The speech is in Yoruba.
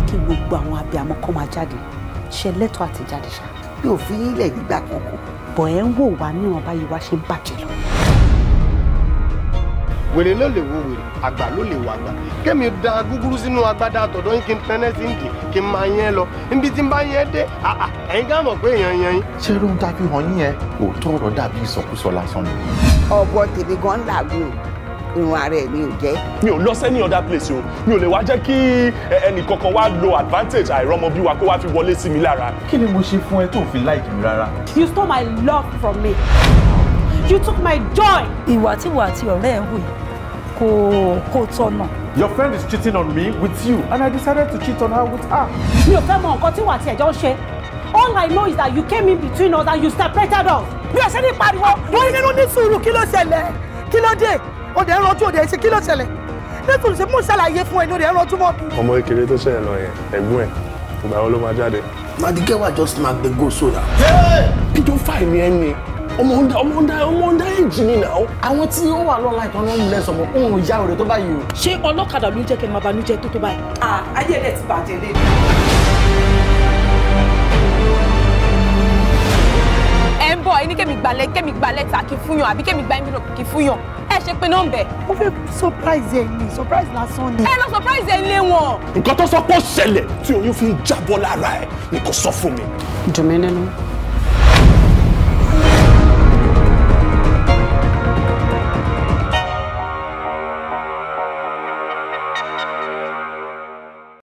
ní kí gbogbo àwọn abiyamọ kọ́ máa jáde ṣe lẹ́tọ̀ọ́ àti jáde ṣá. mi ò fi ilẹ̀ gbígbà kankan. bọ̀ ẹ́ ń wò wá níwọ̀n báyìí wá ṣe ń bàjẹ́ lọ. wèrè ló lè wo wèrè àgbà ló lè wo àgbà kémi da gúgúrú sínú agbádá àtọ̀dọ́ yín kí n tẹ́lẹ̀ sí ń dì kí n máa yẹn lọ níbi tí n bá yẹn dé ẹ̀yin ká mọ̀ pé èèyàn yẹn ṣé ló ń tàbí hàn yín yẹn òótọ́ ọ̀rọ̀ dàbí ìsọkúsọ lásán ni. ọ̀bọ tèmi gan làgùn irun ara ẹ̀ mi ò jẹ́. mi ò lọ sẹ́ni other place o mi ò lè wá jẹ́ kí ẹnì kankan wá lo advantage àìrọ́mọ bí wa kó wá fi wọlé sí mi lára. kí ni mo ṣe fún ẹ tó fi like mi rárá. you stole my love from me you took my joy. ìwà tí wà á ti ọ̀rẹ́ ẹ̀ wò kò kò tọ̀nà. Your friend is cheating on me with you and I decided to cheat on her with her. Mi ò fẹ́ mọ nǹkan tí wà tí ẹ̀jọ́ ṣe. All I know is that you came in between us and you separated us. Mi ò ṣe ní pariwo. Wọ́n ní nínú ní sùúrù kí ló ṣẹlẹ̀? Kí ló dé? o dẹ̀ ń rọjú o dẹ̀ ṣe kí ló ṣẹlẹ̀ nítorí ṣe mú ṣàlàyé fún ẹ ní o dẹ̀ ń rọjú mọ́. ọmọ kékeré tó ṣẹlẹ̀ lọ yẹn ẹ̀gbọ́n ẹ̀ ìgbà wo ló máa jáde. madikewa just mark the goal so na. pedophile ni ẹ ní ọmọ ọmọ ọmọ ẹjì ni náà. àwọn tí ó wà lọ́la ìtàn ló ń lẹ sọ̀mọ́ òun ìyá rẹ̀ tó báyìí o. ṣé ọlọ́kadà ló ń jẹ́ kẹ́ máa banújẹ́ tó tó báyìí. Ah, ayé ẹ̀ ti bàjẹ́ lé. gbalẹ̀ kémi gba lẹ́tà kí fún yàn àbí kémi gba envelope kí fún yàn ẹ ṣe pé nọ́mbẹ̀. mo fẹ́ surprise ẹ ní surprise lásán ni. ẹ lọ surprise ẹ lé wọn. nǹkan tó sọ pé ó ṣẹlẹ̀ tí oyún fi ń jábọ́ lára ẹ̀ ni kò sọ fún mi. dùn nínú.